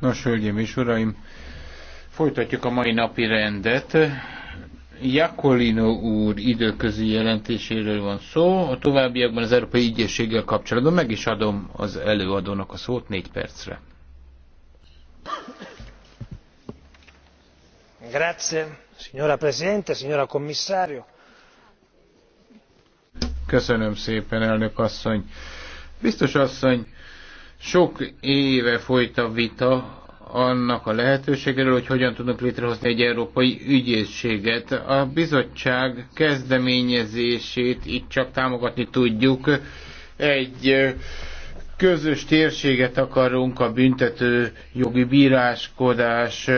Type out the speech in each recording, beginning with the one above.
Nos, hölgyeim és uraim, folytatjuk a mai napi rendet. Jakolino úr időközi jelentéséről van szó, a továbbiakban az Európai Ügyészséggel kapcsolatban meg is adom az előadónak a szót négy percre. Grazie, signora Presidente, signora Commissario. Köszönöm szépen, elnök asszony Biztos asszony, sok éve folyt a vita annak a lehetőségéről, hogy hogyan tudunk létrehozni egy európai ügyészséget. A bizottság kezdeményezését itt csak támogatni tudjuk. Egy közös térséget akarunk a büntető jogi bíráskodás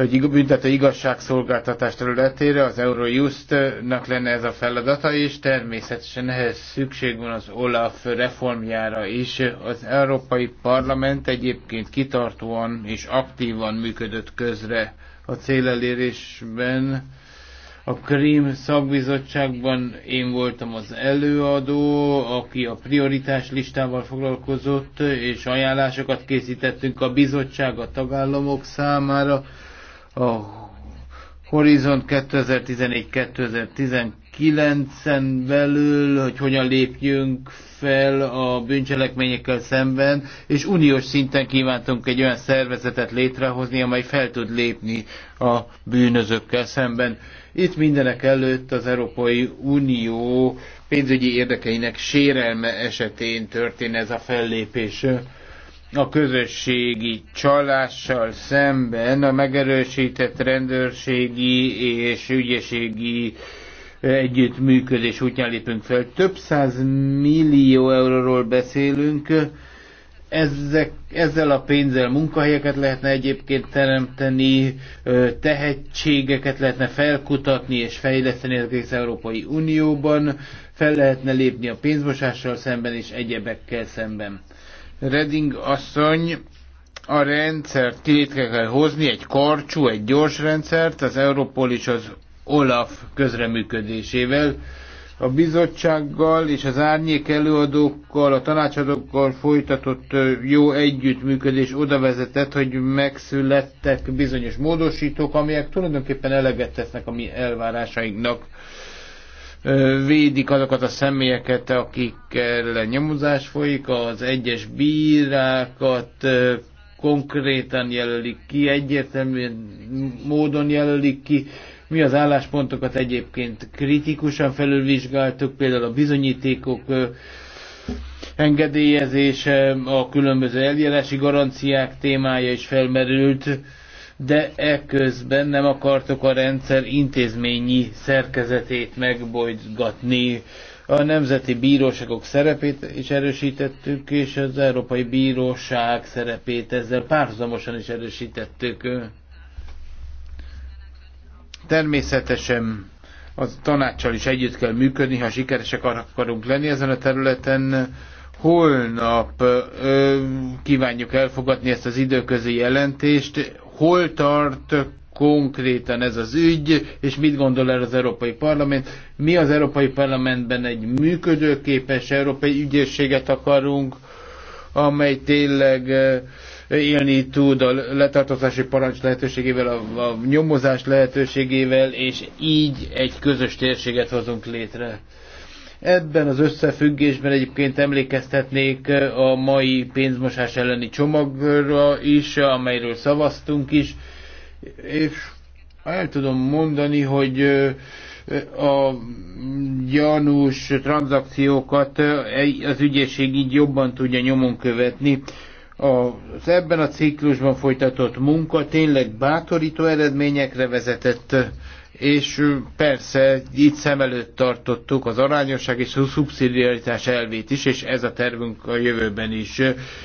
egy büntető igazságszolgáltatás területére, az Eurojust-nak lenne ez a feladata, és természetesen ehhez szükség van az OLAF reformjára is. Az Európai Parlament egyébként kitartóan és aktívan működött közre a célelérésben. A Krím szakbizottságban én voltam az előadó, aki a prioritás listával foglalkozott, és ajánlásokat készítettünk a bizottság a tagállamok számára a Horizont 2014-2019-en belül, hogy hogyan lépjünk fel a bűncselekményekkel szemben, és uniós szinten kívántunk egy olyan szervezetet létrehozni, amely fel tud lépni a bűnözőkkel szemben. Itt mindenek előtt az Európai Unió pénzügyi érdekeinek sérelme esetén történ ez a fellépés a közösségi csalással szemben a megerősített rendőrségi és ügyészségi együttműködés útján lépünk fel. Több száz millió euróról beszélünk, ezek, ezzel a pénzzel munkahelyeket lehetne egyébként teremteni, tehetségeket lehetne felkutatni és fejleszteni az egész Európai Unióban, fel lehetne lépni a pénzmosással szemben és egyebekkel szemben. Reding asszony a rendszert létre kell hozni, egy karcsú, egy gyors rendszert, az Európol és az Olaf közreműködésével, a bizottsággal és az árnyék előadókkal, a tanácsadókkal folytatott jó együttműködés oda vezetett, hogy megszülettek bizonyos módosítók, amelyek tulajdonképpen eleget tesznek a mi elvárásainknak védik azokat a személyeket, akikkel nyomozás folyik, az egyes bírákat konkrétan jelölik ki, egyértelmű módon jelölik ki. Mi az álláspontokat egyébként kritikusan felülvizsgáltuk, például a bizonyítékok engedélyezése, a különböző eljárási garanciák témája is felmerült de eközben nem akartok a rendszer intézményi szerkezetét megbolygatni. A nemzeti bíróságok szerepét is erősítettük, és az Európai Bíróság szerepét ezzel párhuzamosan is erősítettük. Természetesen az tanácssal is együtt kell működni, ha sikeresek akarunk lenni ezen a területen. Holnap ö, kívánjuk elfogadni ezt az időközi jelentést hol tart konkrétan ez az ügy, és mit gondol erről az Európai Parlament. Mi az Európai Parlamentben egy működőképes európai ügyészséget akarunk, amely tényleg eh, élni tud a letartozási parancs lehetőségével, a, a nyomozás lehetőségével, és így egy közös térséget hozunk létre. Ebben az összefüggésben egyébként emlékeztetnék eh, a mai pénzmosás elleni csomagra is, eh, amelyről szavaztunk is, és el tudom mondani, hogy eh, a gyanús tranzakciókat az ügyészség így jobban tudja nyomon követni. Az ebben a ciklusban folytatott munka tényleg bátorító eredményekre vezetett és persze itt szem előtt tartottuk az arányosság és a szubszidiaritás elvét is, és ez a tervünk a jövőben is.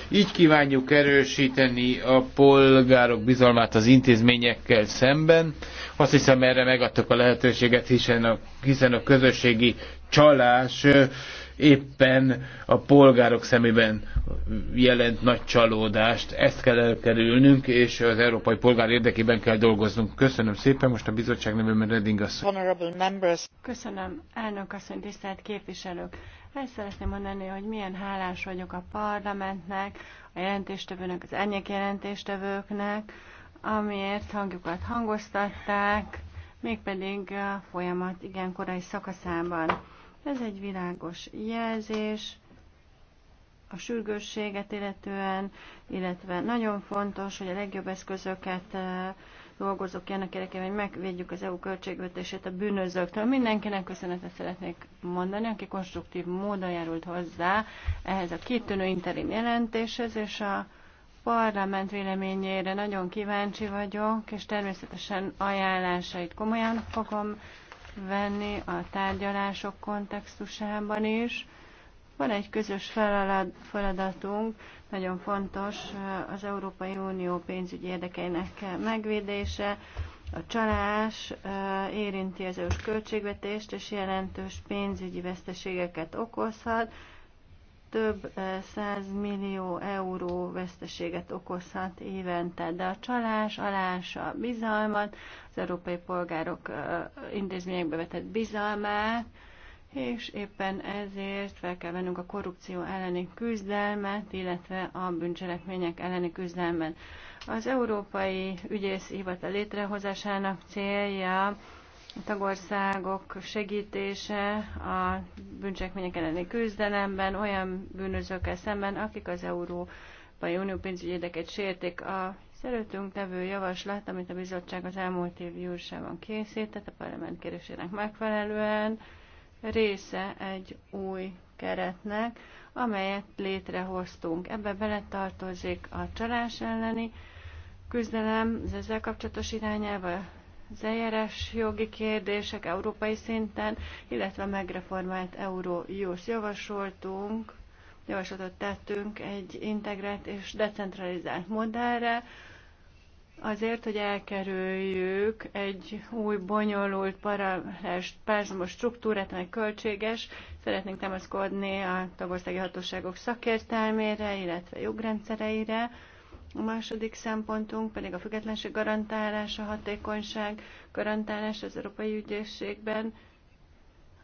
Így kívánjuk erősíteni a polgárok bizalmát az intézményekkel szemben. Azt hiszem erre megadtuk a lehetőséget, hiszen a, hiszen a közösségi csalás éppen a polgárok szemében jelent nagy csalódást. Ezt kell elkerülnünk, és az európai polgár érdekében kell dolgoznunk. Köszönöm szépen, most a bizottság nevében Redding asszony. Köszönöm, elnök asszony, tisztelt képviselők. El szeretném mondani, hogy milyen hálás vagyok a parlamentnek, a jelentéstevőnek, az ennyek jelentéstevőknek, amiért hangjukat hangoztatták, mégpedig a folyamat igen korai szakaszában. Ez egy világos jelzés a sürgősséget illetően, illetve nagyon fontos, hogy a legjobb eszközöket eh, dolgozok ki ennek érdekében, hogy megvédjük az EU költségvetését a bűnözőktől. Mindenkinek köszönetet szeretnék mondani, aki konstruktív módon járult hozzá ehhez a kitűnő interim jelentéshez, és a parlament véleményére nagyon kíváncsi vagyok, és természetesen ajánlásait komolyan fogom venni a tárgyalások kontextusában is. Van egy közös feladatunk, nagyon fontos eh, az Európai Unió pénzügyi érdekeinek megvédése. A csalás eh, érinti az EU-s költségvetést, és jelentős pénzügyi veszteségeket okozhat több eh, százmillió euró veszteséget okozhat évente, de a csalás alása a bizalmat, az európai polgárok eh, intézményekbe vetett bizalmát, és éppen ezért fel kell vennünk a korrupció elleni küzdelmet, illetve a bűncselekmények elleni küzdelmet. Az Európai Ügyész Hivatal létrehozásának célja a tagországok segítése a bűncselekmények elleni küzdelemben olyan bűnözőkkel szemben, akik az Európai Unió pénzügyi érdeket sértik. A előttünk levő javaslat, amit a bizottság az elmúlt év júliusában készített, a parlament kérésének megfelelően, része egy új keretnek, amelyet létrehoztunk. Ebbe beletartozik a csalás elleni küzdelem, az ezzel kapcsolatos irányelv, az eljárás jogi kérdések európai szinten, illetve megreformált jós javasoltunk, javaslatot tettünk egy integrált és decentralizált modellre, azért, hogy elkerüljük egy új, bonyolult, paralás, párzamos struktúrát, amely költséges, szeretnénk támaszkodni a tagországi hatóságok szakértelmére, illetve jogrendszereire, a második szempontunk pedig a függetlenség garantálása, hatékonyság garantálása az Európai Ügyészségben,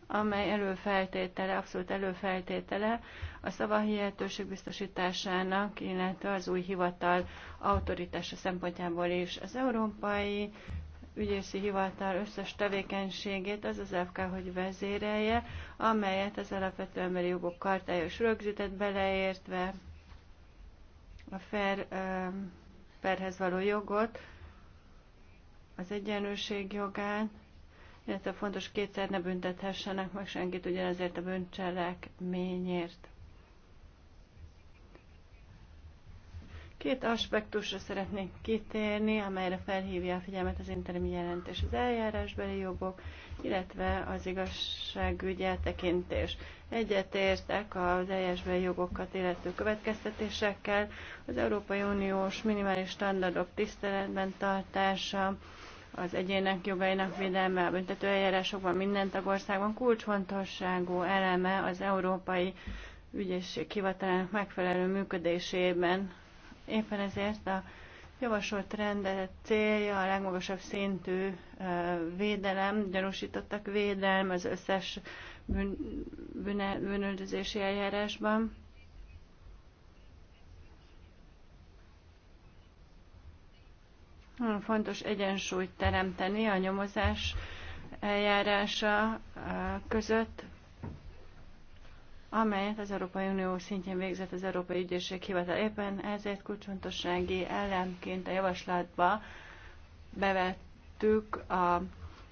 amely előfeltétele, abszolút előfeltétele a szavahihetőség biztosításának, illetve az új hivatal autoritása szempontjából is. Az Európai Ügyészi Hivatal összes tevékenységét az az FK, hogy vezérelje, amelyet az alapvető emberi jogok kartája is rögzített beleértve a fair fairhez való jogot, az egyenlőség jogán, illetve fontos kétszer ne büntethessenek meg senkit ugyanezért a bűncselekményért. Két aspektusra szeretnék kitérni, amelyre felhívja a figyelmet az interim jelentés, az eljárásbeli jogok, illetve az igazságügy eltekintés. Egyetértek az eljárásbeli jogokat illető következtetésekkel, az Európai Uniós minimális standardok tiszteletben tartása, az egyének jogainak védelme a büntető eljárásokban minden tagországban kulcsfontosságú eleme az európai ügyészség hivatalának megfelelő működésében Éppen ezért a javasolt rendelet célja a legmagasabb szintű védelem, gyanúsítottak védelm az összes bűn, bűne, bűnöldözési eljárásban. Fontos egyensúlyt teremteni a nyomozás eljárása között, amelyet az Európai Unió szintjén végzett az Európai Ügyészség Hivatal. Éppen ezért kulcsfontossági ellenként a javaslatba bevettük a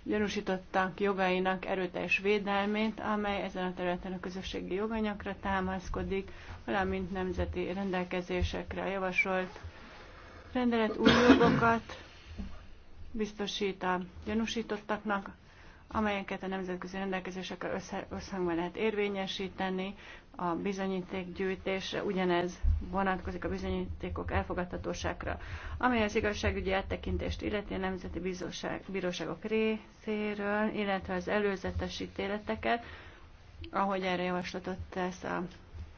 gyanúsítottak jogainak erőteljes védelmét, amely ezen a területen a közösségi joganyagra támaszkodik, valamint nemzeti rendelkezésekre a javasolt rendelet új jogokat biztosít a gyanúsítottaknak, amelyeket a nemzetközi rendelkezésekkel összhangban lehet érvényesíteni, a bizonyítékgyűjtésre, ugyanez vonatkozik a bizonyítékok elfogadhatóságra, Amely az igazságügyi áttekintést illeti a Nemzeti bizóság, Bíróságok részéről, illetve az előzetes ítéleteket, ahogy erre javaslatot tesz a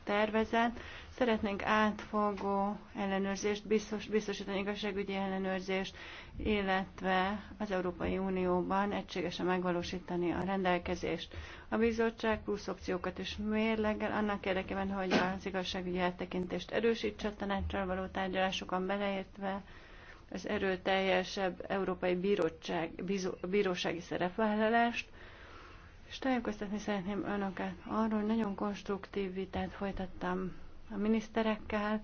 tervezet. Szeretnénk átfogó ellenőrzést, biztos, biztosítani igazságügyi ellenőrzést, illetve az Európai Unióban egységesen megvalósítani a rendelkezést. A bizottság plusz opciókat is mérlegel annak érdekében, hogy az igazságügyi eltekintést erősítse a tanácsal való tárgyalásokon beleértve az erőteljesebb Európai Bíróság, bízó, Bírósági szerepvállalást, és tájékoztatni szeretném önöket arról, hogy nagyon konstruktív vitát folytattam a miniszterekkel.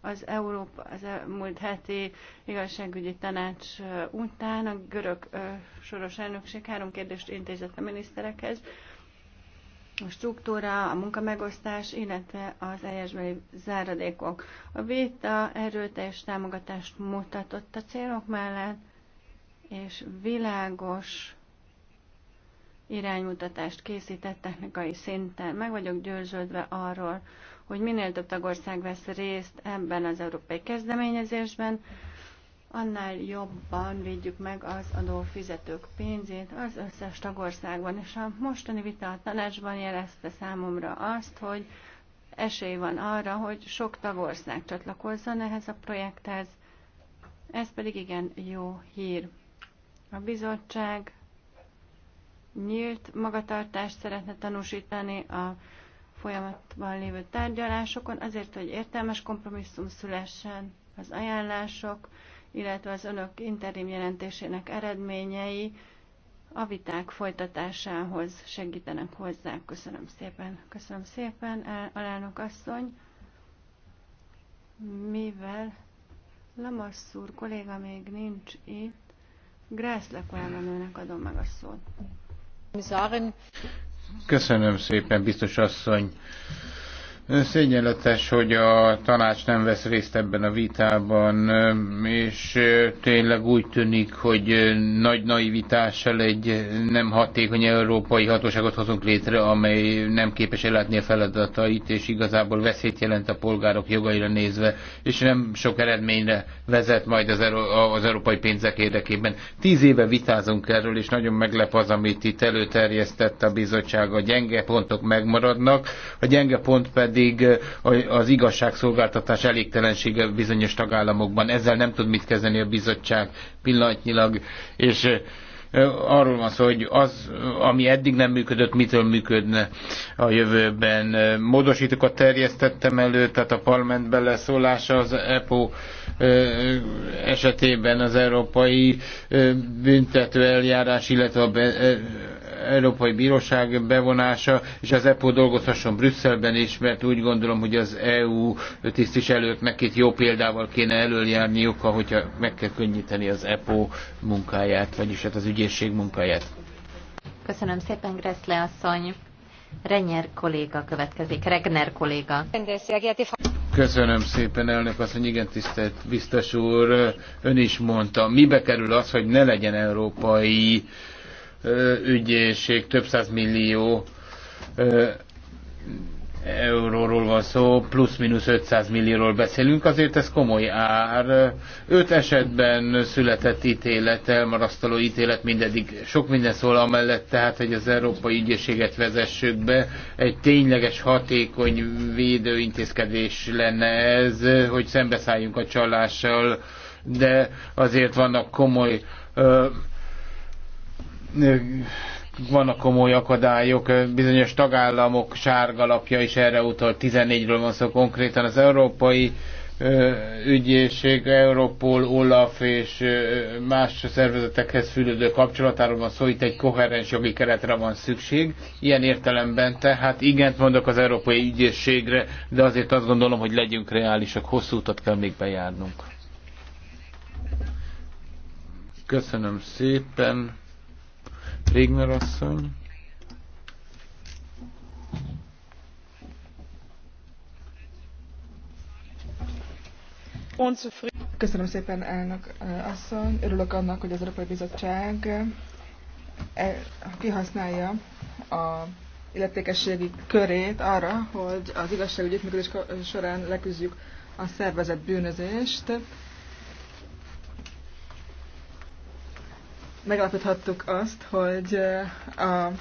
Az Európa az elmúlt heti igazságügyi tanács után a görög soros elnökség három kérdést intézett a miniszterekhez. A struktúra, a munkamegosztás, illetve az eljesbeli záradékok. A vita erőteljes támogatást mutatott a célok mellett, és világos iránymutatást készített technikai szinten. Meg vagyok győződve arról, hogy minél több tagország vesz részt ebben az európai kezdeményezésben, annál jobban védjük meg az adófizetők pénzét az összes tagországban. És a mostani vita a tanácsban jelezte számomra azt, hogy esély van arra, hogy sok tagország csatlakozzon ehhez a projekthez. Ez pedig igen jó hír. A bizottság nyílt magatartást szeretne tanúsítani a folyamatban lévő tárgyalásokon, azért, hogy értelmes kompromisszum szülessen az ajánlások, illetve az önök interim jelentésének eredményei a viták folytatásához segítenek hozzá. Köszönöm szépen. Köszönöm szépen, alelnök asszony. Mivel Lamasszúr kolléga még nincs itt, Grászle kolléganőnek adom meg a szót. Köszönöm szépen, biztos asszony. Szégyenletes, hogy a tanács nem vesz részt ebben a vitában, és tényleg úgy tűnik, hogy nagy naivitással egy nem hatékony európai hatóságot hozunk létre, amely nem képes ellátni a feladatait, és igazából veszélyt jelent a polgárok jogaira nézve, és nem sok eredményre vezet majd az, euró, az európai pénzek érdekében. Tíz éve vitázunk erről, és nagyon meglep az, amit itt előterjesztett a bizottság. A gyenge pontok megmaradnak, a gyenge pont pedig pedig az igazságszolgáltatás elégtelensége bizonyos tagállamokban. Ezzel nem tud mit kezdeni a bizottság pillanatnyilag, és arról van szó, hogy az, ami eddig nem működött, mitől működne a jövőben. Módosítókat terjesztettem elő, tehát a parlament beleszólása az EPO esetében az európai büntető eljárás, illetve a Európai Bíróság bevonása, és az EPO dolgozhasson Brüsszelben is, mert úgy gondolom, hogy az EU tisztviselőknek itt jó példával kéne előjárniuk, ahogyha meg kell könnyíteni az EPO munkáját, vagyis hát az ügyészség munkáját. Köszönöm szépen, Greszle asszony. Renyer kolléga következik, Regner kolléga. Köszönöm szépen, elnök asszony, igen tisztelt biztos úr, ön is mondta, mibe kerül az, hogy ne legyen európai ügyészség, több száz millió euróról van szó, plusz-minusz 500 millióról beszélünk, azért ez komoly ár. Öt esetben született ítélet, elmarasztaló ítélet, mindedig sok minden szól amellett, tehát, hogy az európai ügyészséget vezessük be. Egy tényleges, hatékony védőintézkedés lenne ez, hogy szembeszálljunk a csalással, de azért vannak komoly ö, vannak komoly akadályok, bizonyos tagállamok sárgalapja is erre utal, 14-ről van szó konkrétan, az európai ügyészség, Europol, Olaf és más szervezetekhez fűlődő kapcsolatáról van szó, itt egy koherens jogi keretre van szükség. Ilyen értelemben tehát igent mondok az európai ügyészségre, de azért azt gondolom, hogy legyünk reálisak, hosszú utat kell még bejárnunk. Köszönöm szépen. Régner asszony. Köszönöm szépen, elnök asszony. Örülök annak, hogy az Európai Bizottság e, kihasználja a illetékességi körét arra, hogy az igazságügyi működés során leküzdjük a szervezett bűnözést. megalapíthattuk azt, hogy eh, a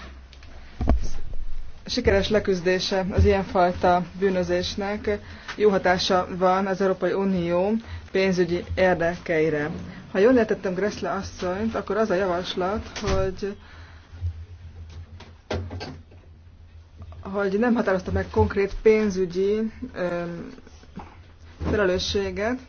sikeres leküzdése az ilyenfajta bűnözésnek jó hatása van az Európai Unió pénzügyi érdekeire. Ha jól értettem Gressle asszonyt, akkor az a javaslat, hogy hogy nem határozta meg konkrét pénzügyi ö, felelősséget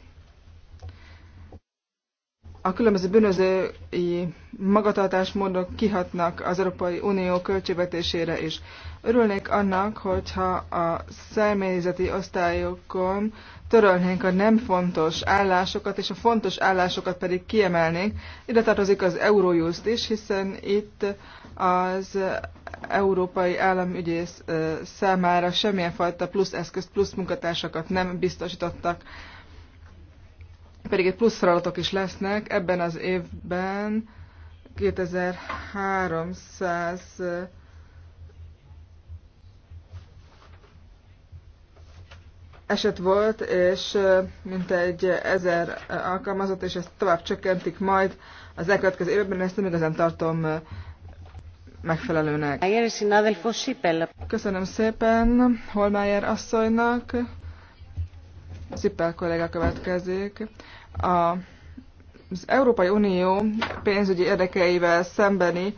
a különböző bűnözői magatartásmódok kihatnak az Európai Unió költségvetésére is. Örülnék annak, hogyha a személyzeti osztályokon törölnénk a nem fontos állásokat, és a fontos állásokat pedig kiemelnénk. Ide tartozik az Eurojust is, hiszen itt az európai államügyész számára semmilyen fajta plusz eszközt, plusz munkatársakat nem biztosítottak. Pedig egy plusz feladatok is lesznek ebben az évben, 2300 eset volt, és mintegy 1000 alkalmazott, és ezt tovább csökkentik majd az elkövetkező évben, ezt nem igazán tartom megfelelőnek. Köszönöm szépen Holmájer asszonynak. Szippel kolléga következik. A az Európai Unió pénzügyi érdekeivel szembeni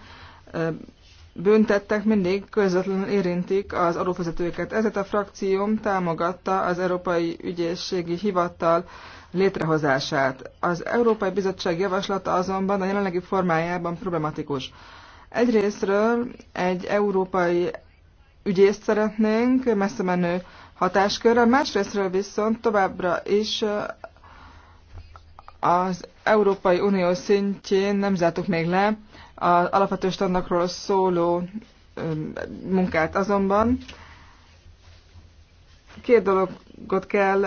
büntettek mindig közvetlenül érintik az adófizetőket. Ezért a frakcióm támogatta az Európai Ügyészségi Hivatal létrehozását. Az Európai Bizottság javaslata azonban a jelenlegi formájában problematikus. Egyrésztről egy európai ügyészt szeretnénk, messze menő hatáskörrel, másrésztről viszont továbbra is az Európai Unió szintjén nem zártuk még le az alapvető standardokról szóló munkát azonban. Két dologot kell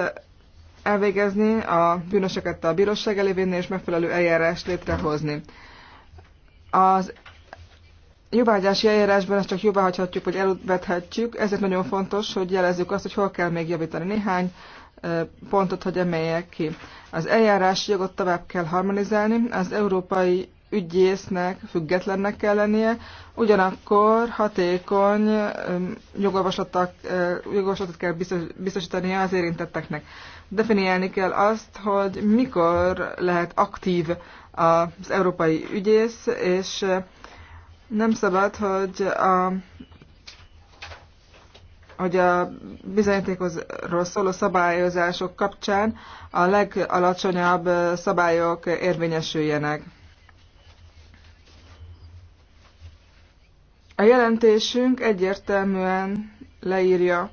elvégezni, a bűnöseket a bíróság elé vinni és megfelelő eljárást létrehozni. Az jóvágyási eljárásban ezt csak jóváhagyhatjuk, hogy elvethetjük, ezért nagyon fontos, hogy jelezzük azt, hogy hol kell még javítani néhány pontot, hogy emeljek ki. Az eljárási jogot tovább kell harmonizálni, az európai ügyésznek függetlennek kell lennie, ugyanakkor hatékony jogolvaslatot kell biztosítania az érintetteknek. Definiálni kell azt, hogy mikor lehet aktív az európai ügyész, és nem szabad, hogy a hogy a bizonyítékozról szóló szabályozások kapcsán a legalacsonyabb szabályok érvényesüljenek. A jelentésünk egyértelműen leírja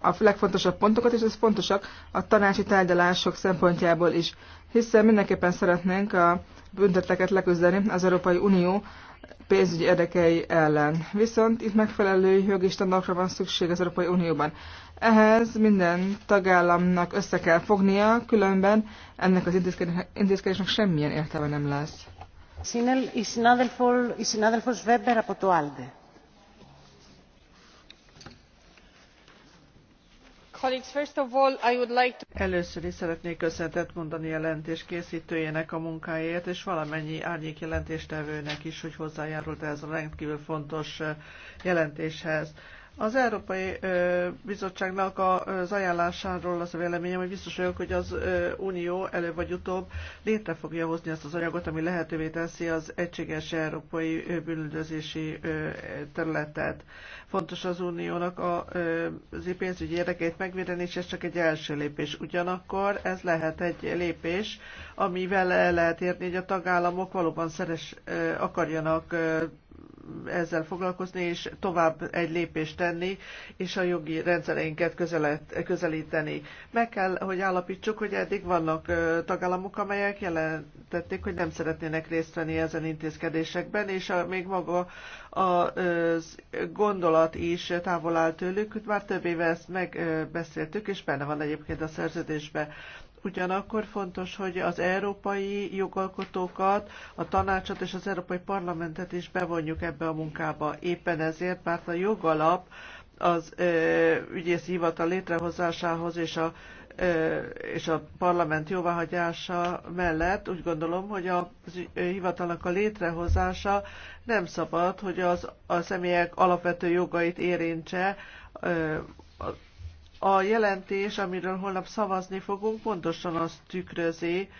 a legfontosabb pontokat, és ez fontosak a tanácsi tárgyalások szempontjából is, hiszen mindenképpen szeretnénk a bünteteket leküzdeni az Európai Unió pénzügyi érdekei ellen. Viszont itt megfelelő jogi standardokra van szükség az Európai Unióban. Ehhez minden tagállamnak össze kell fognia, különben ennek az intézkedésnek semmilyen értelme nem lesz. Sinel, és Weber, apoto ALDE. Először is szeretnék köszönetet mondani a jelentés készítőjének a munkáért, és valamennyi árnyék jelentéstevőnek is, hogy hozzájárult ez a rendkívül fontos eh, jelentéshez. Az Európai Bizottságnak az ajánlásáról az a véleményem, hogy biztos vagyok, hogy az Unió előbb vagy utóbb létre fogja hozni azt az anyagot, ami lehetővé teszi az egységes európai bűnüldözési területet. Fontos az Uniónak az pénzügyi érdekeit megvédeni, és ez csak egy első lépés. Ugyanakkor ez lehet egy lépés, amivel el lehet érni, hogy a tagállamok valóban szeres akarjanak ezzel foglalkozni, és tovább egy lépést tenni, és a jogi rendszereinket közelet, közelíteni. Meg kell, hogy állapítsuk, hogy eddig vannak tagállamok, amelyek jelentették, hogy nem szeretnének részt venni ezen intézkedésekben, és a, még maga a gondolat is távol áll tőlük. Már több éve ezt megbeszéltük, és benne van egyébként a szerződésbe ugyanakkor fontos, hogy az európai jogalkotókat, a tanácsot és az európai parlamentet is bevonjuk ebbe a munkába. Éppen ezért, mert a jogalap az ö, ügyész hivatal létrehozásához és a, ö, és a parlament jóváhagyása mellett úgy gondolom, hogy a hivatalnak a létrehozása nem szabad, hogy az, a személyek alapvető jogait érintse, ö, a jelentés, amiről holnap szavazni fogunk, pontosan azt tükrözi,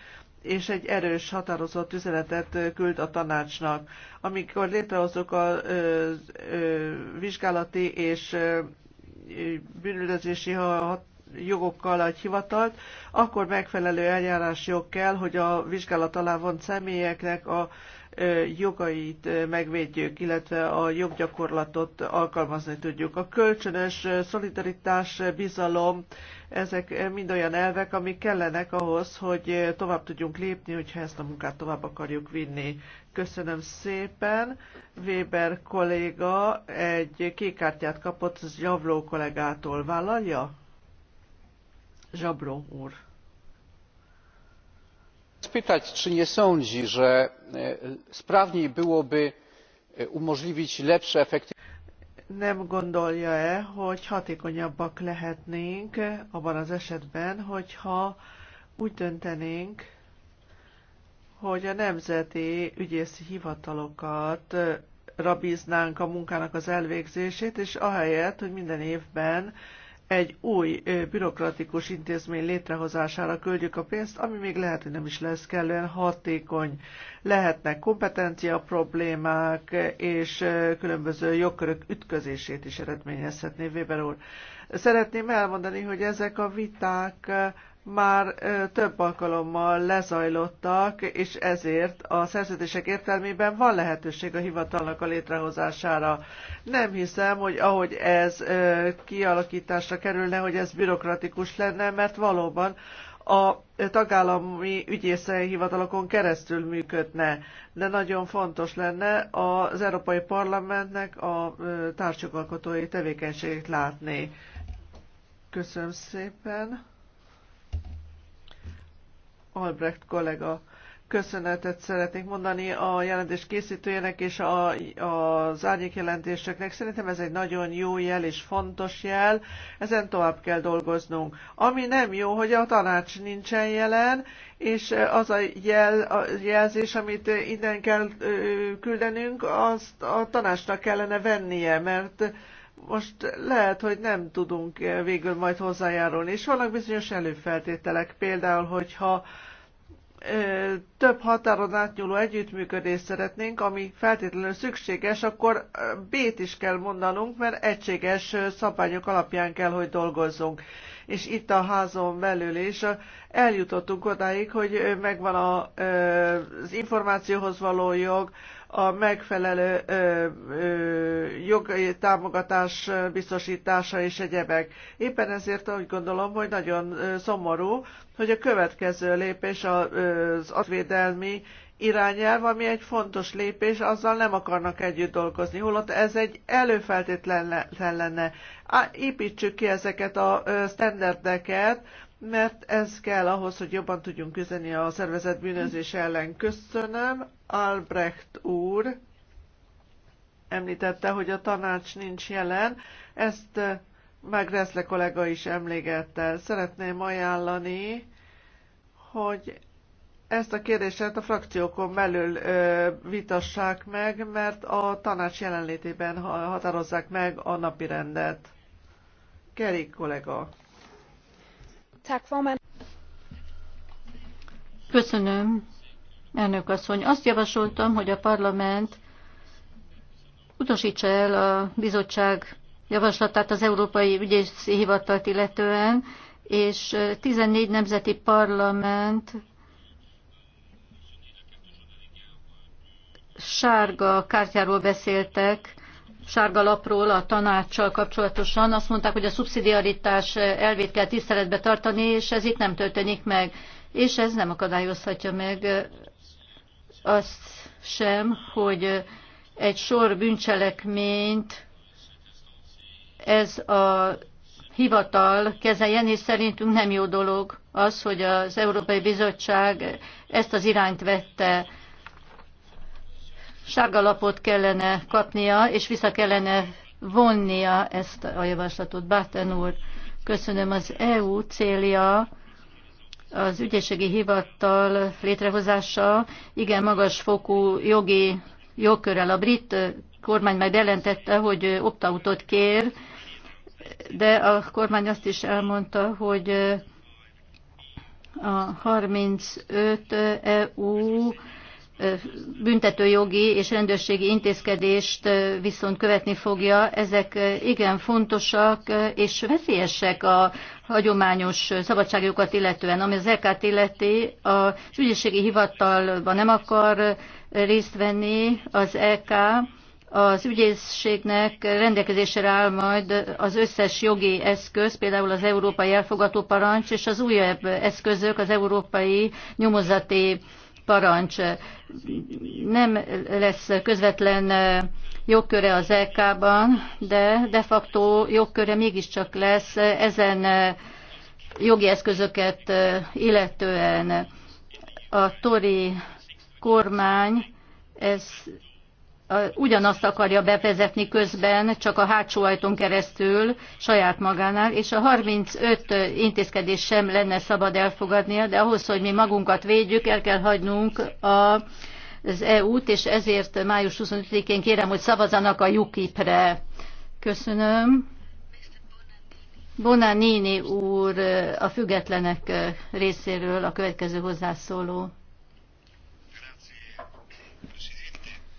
és egy erős, határozott üzenetet küld a tanácsnak. Amikor létrehozzuk a ö, ö, vizsgálati és ö, bűnüldözési jogokkal egy hivatalt, akkor megfelelő eljárás jog kell, hogy a vizsgálat alá vont személyeknek a jogait megvédjük, illetve a joggyakorlatot alkalmazni tudjuk. A kölcsönös szolidaritás, bizalom, ezek mind olyan elvek, amik kellenek ahhoz, hogy tovább tudjunk lépni, hogyha ezt a munkát tovább akarjuk vinni. Köszönöm szépen. Weber kolléga egy kékkártyát kapott az Zsabló kollégától. Vállalja? Zsabló úr zapytać czy nie sądzi że e, sprawniej byłoby e, umożliwić lepsze efekty. nem gondolja e hogy hatékonyabbak lehetnénk abban az esetben hogyha úgy döntenénk hogy a nemzeti ügyészi hivatalokat e, rabíznánk a munkának az elvégzését, és ahelyett, hogy minden évben egy új bürokratikus intézmény létrehozására küldjük a pénzt, ami még lehet, hogy nem is lesz kellően hatékony. Lehetnek kompetencia problémák, és különböző jogkörök ütközését is eredményezhetné Weber úr. Szeretném elmondani, hogy ezek a viták már több alkalommal lezajlottak, és ezért a szerződések értelmében van lehetőség a hivatalnak a létrehozására. Nem hiszem, hogy ahogy ez kialakításra kerülne, hogy ez bürokratikus lenne, mert valóban a tagállami ügyészei hivatalokon keresztül működne, de nagyon fontos lenne az Európai Parlamentnek a társjogalkotói tevékenységét látni. Köszönöm szépen! Albrecht kollega. Köszönetet szeretnék mondani a jelentés készítőjének és a, az árnyék jelentéseknek. Szerintem ez egy nagyon jó jel és fontos jel, ezen tovább kell dolgoznunk. Ami nem jó, hogy a tanács nincsen jelen, és az a, jel, a jelzés, amit innen kell küldenünk, azt a tanácsnak kellene vennie, mert most lehet, hogy nem tudunk eh, végül majd hozzájárulni, és vannak bizonyos előfeltételek, például, hogyha eh, több határon átnyúló együttműködést szeretnénk, ami feltétlenül szükséges, akkor eh, B-t is kell mondanunk, mert egységes szabályok alapján kell, hogy dolgozzunk. És itt a házon belül is eljutottunk odáig, hogy megvan az információhoz való jog, a megfelelő ö, ö, jogi támogatás biztosítása és egyebek. Éppen ezért úgy gondolom, hogy nagyon szomorú, hogy a következő lépés az advédelmi irányelv, ami egy fontos lépés, azzal nem akarnak együtt dolgozni, holott ez egy előfeltétlen lenne. Építsük ki ezeket a standardeket, mert ez kell ahhoz, hogy jobban tudjunk üzeni a szervezet bűnözés ellen. Köszönöm. Albrecht úr említette, hogy a tanács nincs jelen. Ezt eh, meg Reszle kollega is emlégette. Szeretném ajánlani, hogy ezt a kérdést a frakciókon belül ö, eh, vitassák meg, mert a tanács jelenlétében határozzák meg a napi rendet. Kerik kollega. Köszönöm, elnök asszony. Azt javasoltam, hogy a parlament utasítsa el a bizottság javaslatát az Európai Ügyészi Hivatalt illetően, és 14 nemzeti parlament sárga kártyáról beszéltek lapról a tanácssal kapcsolatosan. Azt mondták, hogy a szubszidiaritás elvét kell tiszteletbe tartani, és ez itt nem történik meg. És ez nem akadályozhatja meg azt sem, hogy egy sor bűncselekményt ez a hivatal kezeljen, és szerintünk nem jó dolog az, hogy az Európai Bizottság ezt az irányt vette sárga lapot kellene kapnia, és vissza kellene vonnia ezt a javaslatot. Báten úr, köszönöm az EU célja, az ügyészségi hivattal létrehozása igen magas fokú jogi jogkörrel. A brit kormány már bejelentette, hogy optautot kér, de a kormány azt is elmondta, hogy a 35 EU büntetőjogi és rendőrségi intézkedést viszont követni fogja. Ezek igen fontosak és veszélyesek a hagyományos szabadságjogokat illetően. Ami az EK-t illeti, az ügyészségi hivatalban nem akar részt venni az EK, az ügyészségnek rendelkezésre áll majd az összes jogi eszköz, például az európai elfogató parancs és az újabb eszközök, az európai nyomozati parancs. Nem lesz közvetlen jogköre az EK-ban, de de facto jogköre mégiscsak lesz ezen jogi eszközöket illetően. A tori kormány ez ugyanazt akarja bevezetni közben, csak a hátsó ajtón keresztül saját magánál, és a 35 intézkedés sem lenne szabad elfogadnia, de ahhoz, hogy mi magunkat védjük, el kell hagynunk a, az EU-t, és ezért május 25-én kérem, hogy szavazanak a UKIP-re. Köszönöm. Bonanini úr a függetlenek részéről a következő hozzászóló.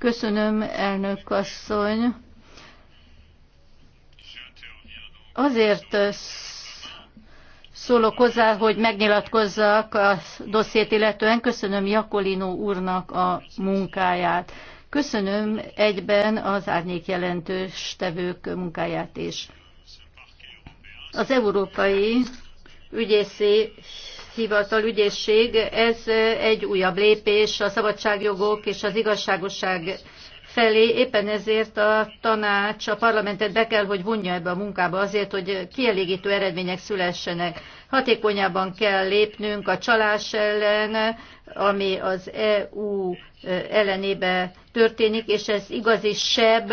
Köszönöm, elnök asszony. Azért szólok hozzá, hogy megnyilatkozzak a dossziét illetően. Köszönöm Jakolino úrnak a munkáját. Köszönöm egyben az árnyék jelentős tevők munkáját is. Az európai ügyészi hivatal ügyészség, ez egy újabb lépés a szabadságjogok és az igazságosság felé, éppen ezért a tanács, a parlamentet be kell, hogy vonja ebbe a munkába azért, hogy kielégítő eredmények szülessenek. Hatékonyabban kell lépnünk a csalás ellen, ami az EU ellenébe történik, és ez igazi sebb,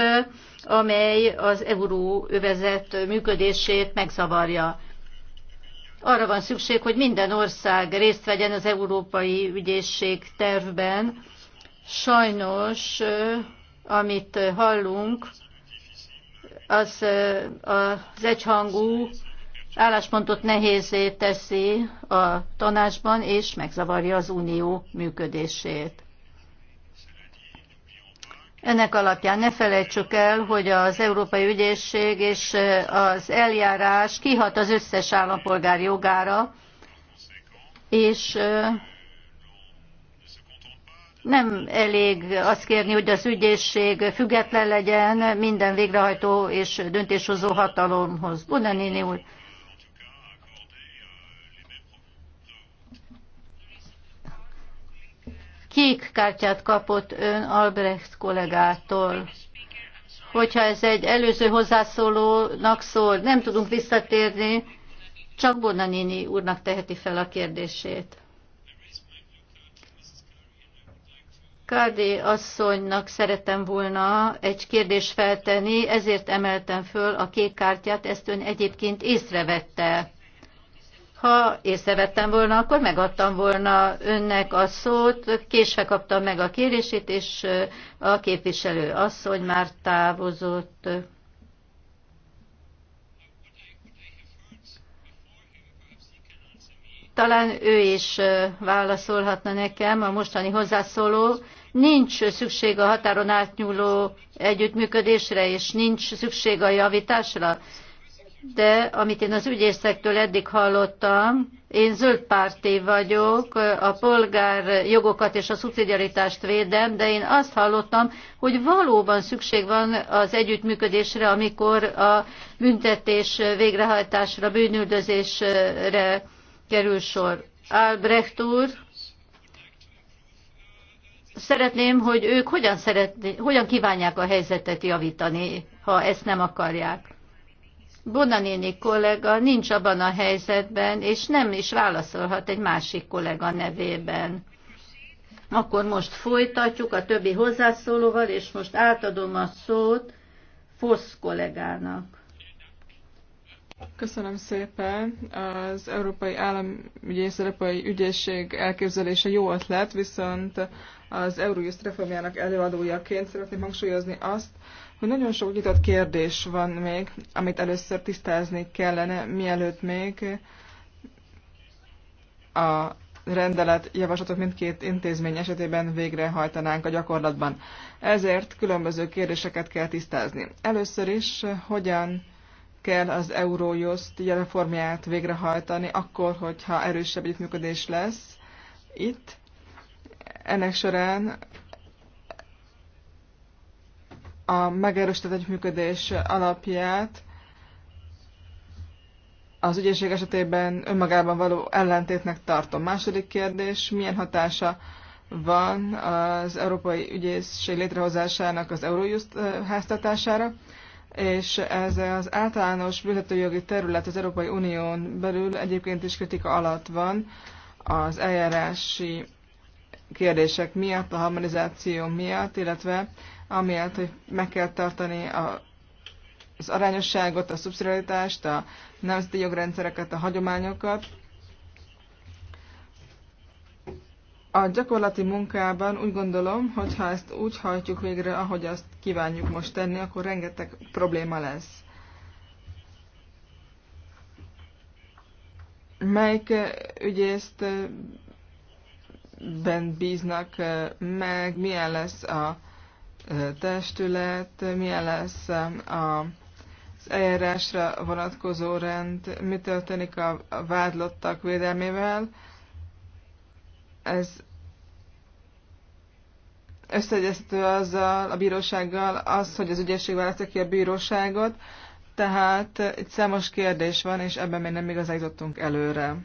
amely az euróövezet működését megzavarja arra van szükség, hogy minden ország részt vegyen az Európai Ügyészség tervben. Sajnos, amit hallunk, az, az egyhangú álláspontot nehézé teszi a tanácsban, és megzavarja az unió működését. Ennek alapján ne felejtsük el, hogy az Európai Ügyészség és az eljárás kihat az összes állampolgár jogára, és nem elég azt kérni, hogy az ügyészség független legyen minden végrehajtó és döntéshozó hatalomhoz. Bonanini úr, kék kártyát kapott ön Albrecht kollégától. Hogyha ez egy előző hozzászólónak szól, nem tudunk visszatérni, csak Bonanini úrnak teheti fel a kérdését. Kádi asszonynak szeretem volna egy kérdést feltenni, ezért emeltem föl a kék kártyát, ezt ön egyébként észrevette. Ha észrevettem volna, akkor megadtam volna önnek a szót, késve kaptam meg a kérését, és a képviselő asszony már távozott. Talán ő is válaszolhatna nekem, a mostani hozzászóló. Nincs szükség a határon átnyúló együttműködésre, és nincs szükség a javításra de amit én az ügyészektől eddig hallottam, én zöldpárti vagyok, a polgár jogokat és a szubszidiaritást védem, de én azt hallottam, hogy valóban szükség van az együttműködésre, amikor a büntetés végrehajtásra, bűnüldözésre kerül sor. Albrecht úr, szeretném, hogy ők hogyan, szeretné, hogyan kívánják a helyzetet javítani, ha ezt nem akarják néni kollega nincs abban a helyzetben, és nem is válaszolhat egy másik kollega nevében. Akkor most folytatjuk a többi hozzászólóval, és most átadom a szót Fosz kollégának. Köszönöm szépen. Az Európai Államügyész Európai Ügyészség elképzelése jó ötlet, viszont az Eurojust reformjának előadójaként szeretném hangsúlyozni azt, hogy nagyon sok nyitott kérdés van még, amit először tisztázni kellene, mielőtt még a rendelet javaslatot mindkét intézmény esetében végrehajtanánk a gyakorlatban. Ezért különböző kérdéseket kell tisztázni. Először is, hogyan kell az Eurojust reformját végrehajtani, akkor, hogyha erősebb együttműködés lesz itt, ennek során a megerősített együttműködés alapját az ügyészség esetében önmagában való ellentétnek tartom. Második kérdés, milyen hatása van az Európai Ügyészség létrehozásának az Eurojust eh, háztatására, és ez az általános büntetőjogi terület az Európai Unión belül egyébként is kritika alatt van az eljárási kérdések miatt, a harmonizáció miatt, illetve amiatt, hogy meg kell tartani a, az arányosságot, a szubszidiaritást, a nemzeti jogrendszereket, a hagyományokat. A gyakorlati munkában úgy gondolom, hogy ha ezt úgy hajtjuk végre, ahogy azt kívánjuk most tenni, akkor rengeteg probléma lesz. Melyik eh, ügyészt eh, ben bíznak meg, milyen lesz a testület, milyen lesz a az eljárásra vonatkozó rend, mi történik a vádlottak védelmével. Ez összeegyeztető azzal, a bírósággal, az, hogy az ügyészség választja ki a bíróságot, tehát itt számos kérdés van, és ebben még nem igazán jutottunk előre.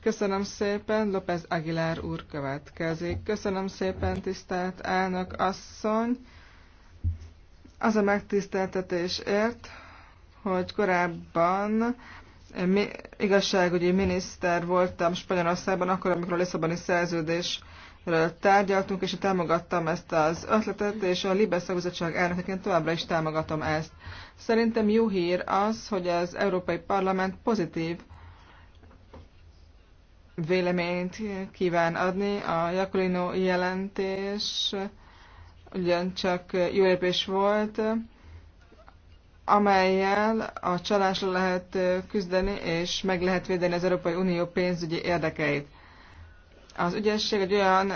Köszönöm szépen, López Aguilar úr következik. Köszönöm szépen, tisztelt elnök asszony. Az a megtiszteltetésért, hogy korábban mi, igazságügyi miniszter voltam Spanyolországban, akkor, amikor a Lisszaboni szerződésről tárgyaltunk, és támogattam ezt az ötletet, és a Libe Szakbizottság elnökeként továbbra is támogatom ezt. Szerintem jó hír az, hogy az Európai Parlament pozitív véleményt kíván adni. A Jakolino jelentés ugyancsak jó lépés volt, amelyel a csalásra lehet küzdeni, és meg lehet védeni az Európai Unió pénzügyi érdekeit. Az ügyesség egy olyan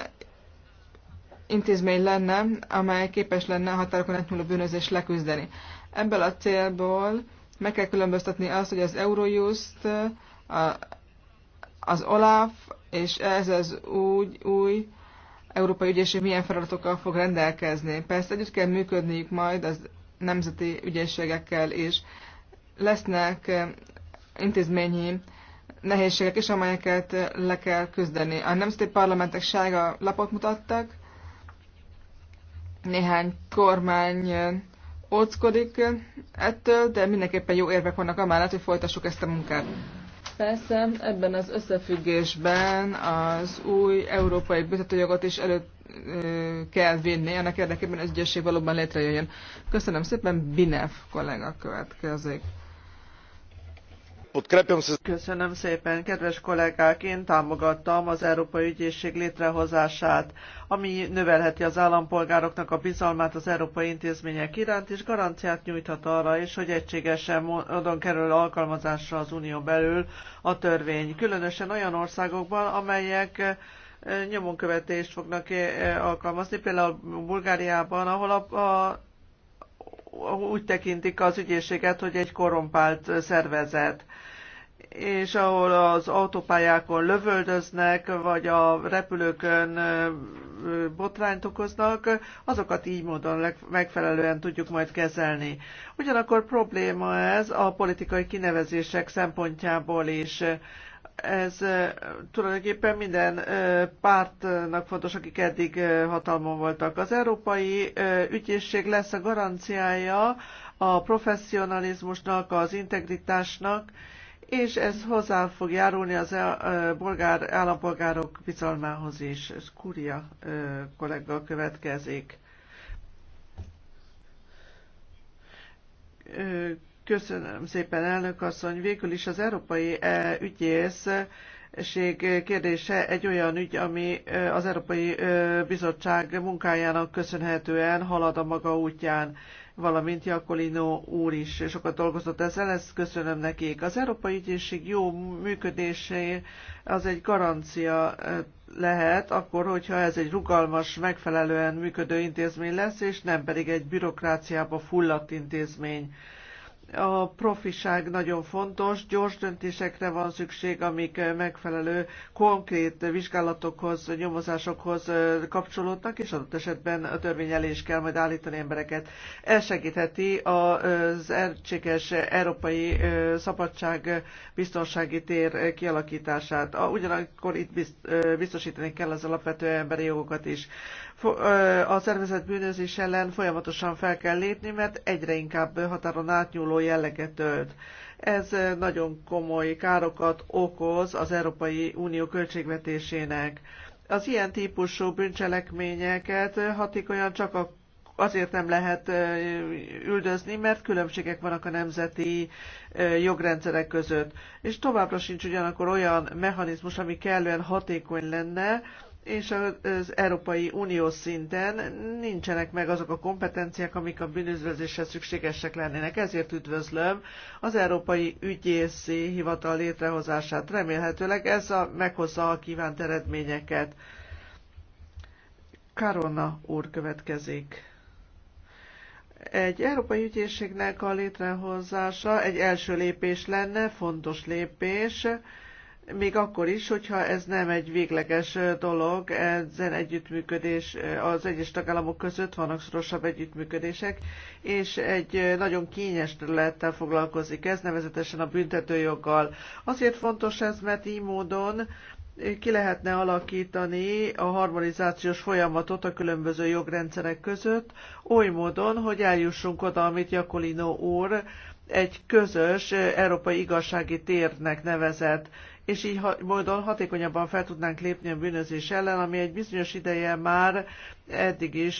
intézmény lenne, amely képes lenne a határokon átnyúló bűnözést leküzdeni. Ebből a célból meg kell különböztetni azt, hogy az Eurojust, a az OLAF és ez az új, új Európai Ügyészség milyen feladatokkal fog rendelkezni. Persze együtt kell működniük majd az nemzeti ügyészségekkel is. Lesznek eh, intézményi nehézségek is, amelyeket eh, le kell küzdeni. A nemzeti parlamentek sága lapot mutattak, néhány kormány eh, óckodik ettől, de mindenképpen jó érvek vannak amellett, hogy folytassuk ezt a munkát. Persze ebben az összefüggésben az új európai büntetőjogot is előtt kell vinni, ennek érdekében az ügyesség valóban létrejöjjön. Köszönöm szépen, Binev kollega következik. Köszönöm szépen, kedves kollégák! Én támogattam az Európai Ügyészség létrehozását, ami növelheti az állampolgároknak a bizalmát az európai intézmények iránt, és garanciát nyújthat arra is, hogy egységesen módon kerül alkalmazásra az unió belül a törvény, különösen olyan országokban, amelyek eh, nyomonkövetést fognak eh, alkalmazni, például Bulgáriában, ahol a, a úgy tekintik az ügyészséget, hogy egy korrompált szervezet és ahol az autópályákon lövöldöznek, vagy a repülőkön botrányt okoznak, azokat így módon megfelelően tudjuk majd kezelni. Ugyanakkor probléma ez a politikai kinevezések szempontjából is ez tulajdonképpen minden pártnak fontos, akik eddig hatalmon voltak. Az Európai Ügyészség lesz a garanciája a professzionalizmusnak, az integritásnak, és ez hozzá fog járulni az bolgár állampolgárok bizalmához is. Ez Kuria kollega következik. Köszönöm szépen, elnök asszony. Végül is az európai eh, ügyészség kérdése egy olyan ügy, ami eh, az Európai eh, Bizottság munkájának köszönhetően halad a maga útján valamint Jakolino úr is sokat dolgozott ezzel, ezt köszönöm nekik. Az Európai Ügyészség jó működése az egy garancia lehet, akkor, hogyha ez egy rugalmas, megfelelően működő intézmény lesz, és nem pedig egy bürokráciába fulladt intézmény a profiság nagyon fontos, gyors döntésekre van szükség, amik megfelelő konkrét vizsgálatokhoz, nyomozásokhoz kapcsolódnak, és adott esetben a törvény elé is kell majd állítani embereket. Ez segítheti az egységes európai szabadság biztonsági tér kialakítását. Ugyanakkor itt biztosítani kell az alapvető emberi jogokat is a szervezet bűnözés ellen folyamatosan fel kell lépni, mert egyre inkább határon átnyúló jelleget ölt. Ez nagyon komoly károkat okoz az Európai Unió költségvetésének. Az ilyen típusú bűncselekményeket hatékonyan csak a azért nem lehet üldözni, mert különbségek vannak a nemzeti jogrendszerek között. És továbbra sincs ugyanakkor olyan mechanizmus, ami kellően hatékony lenne, és az Európai Unió szinten nincsenek meg azok a kompetenciák, amik a bűnözvezéshez szükségesek lennének. Ezért üdvözlöm az Európai Ügyészi Hivatal létrehozását. Remélhetőleg ez a, meghozza a kívánt eredményeket. Karona úr következik. Egy európai ügyészségnek a létrehozása egy első lépés lenne, fontos lépés, még akkor is, hogyha ez nem egy végleges dolog, ezen együttműködés az egyes tagállamok között vannak szorosabb együttműködések, és egy nagyon kényes területtel foglalkozik ez, nevezetesen a büntetőjoggal. Azért fontos ez, mert így módon ki lehetne alakítani a harmonizációs folyamatot a különböző jogrendszerek között, oly módon, hogy eljussunk oda, amit Jakolino úr egy közös európai igazsági térnek nevezett és így módon hatékonyabban fel tudnánk lépni a bűnözés ellen, ami egy bizonyos ideje már eddig is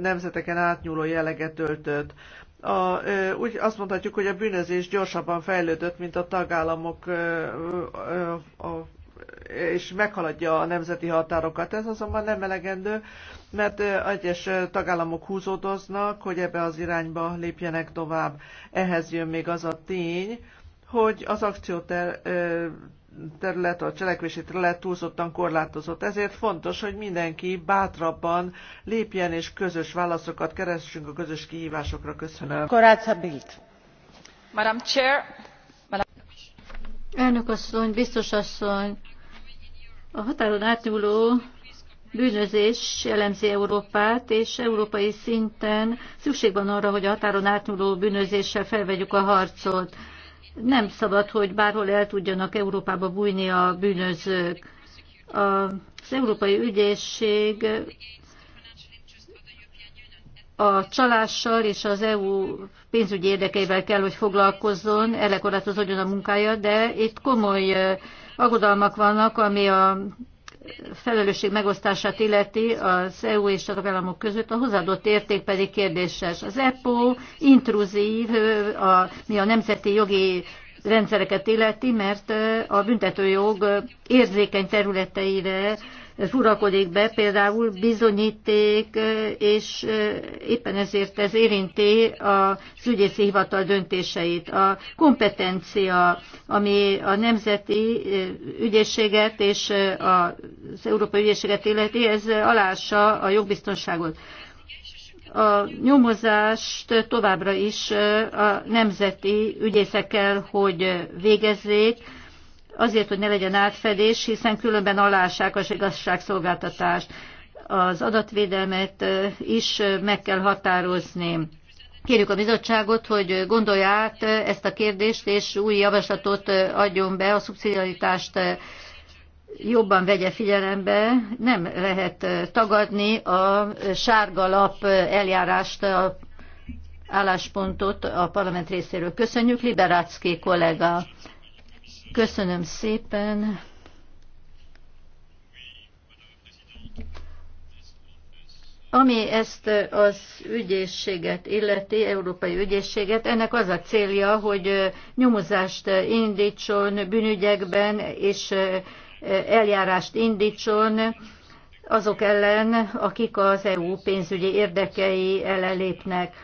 nemzeteken átnyúló jelleget töltött. A, úgy azt mondhatjuk, hogy a bűnözés gyorsabban fejlődött, mint a tagállamok a, és meghaladja a nemzeti határokat. Ez azonban nem elegendő, mert egyes tagállamok húzódoznak, hogy ebbe az irányba lépjenek tovább. Ehhez jön még az a tény, hogy az akcióter terület, a cselekvési terület túlzottan korlátozott. Ezért fontos, hogy mindenki bátrabban lépjen és közös válaszokat keressünk a közös kihívásokra. Köszönöm. Koráca Bild. Madam Chair. Madam... Elnök asszony, biztos asszony, a határon átnyúló bűnözés jellemzi Európát, és európai szinten szükség van arra, hogy a határon átnyúló bűnözéssel felvegyük a harcot. Nem szabad, hogy bárhol el tudjanak Európába bújni a bűnözők. Az Európai Ügyészség a csalással és az EU pénzügyi érdekeivel kell, hogy foglalkozzon, erre a munkája, de itt komoly eh, aggodalmak vannak, ami a felelősség megosztását illeti az EU és a tagállamok között, a hozzáadott érték pedig kérdéses. Az EPO intruzív, a, mi a nemzeti jogi rendszereket illeti, mert a büntetőjog érzékeny területeire rurakodik be, például bizonyíték, és éppen ezért ez érinti az ügyészi hivatal döntéseit. A kompetencia, ami a nemzeti ügyészséget és az európai ügyészséget illeti, ez alássa a jogbiztonságot a nyomozást továbbra is a nemzeti ügyészekkel, hogy végezzék, azért, hogy ne legyen átfedés, hiszen különben alássák az igazságszolgáltatást. Az adatvédelmet is meg kell határozni. Kérjük a bizottságot, hogy gondolja át ezt a kérdést, és új javaslatot adjon be, a szubszidiaritást jobban vegye figyelembe. Nem lehet tagadni a sárga lap eljárást, a álláspontot a parlament részéről. Köszönjük, Liberácki kollega. Köszönöm szépen. Ami ezt az ügyészséget illeti, európai ügyészséget, ennek az a célja, hogy nyomozást indítson bűnügyekben, és eljárást indítson azok ellen, akik az EU pénzügyi érdekei ellen lépnek.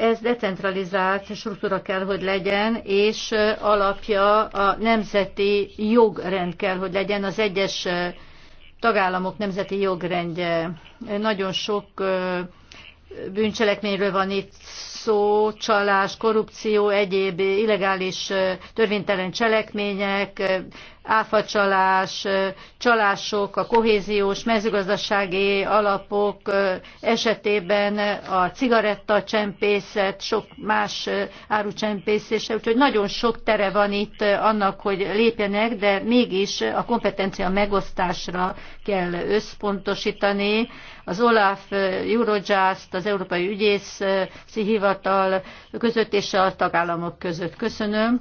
Ez decentralizált struktúra kell, hogy legyen, és alapja a nemzeti jogrend kell, hogy legyen az egyes tagállamok nemzeti jogrendje. Nagyon sok bűncselekményről van itt szó, csalás, korrupció, egyéb illegális törvénytelen cselekmények, áfacsalás, csalások, a kohéziós mezőgazdasági alapok esetében a csempészet, sok más csempészése, úgyhogy nagyon sok tere van itt annak, hogy lépjenek, de mégis a kompetencia megosztásra kell összpontosítani. Az OLAF, Eurojust, az Európai Ügyész Hivatal között és a tagállamok között. Köszönöm.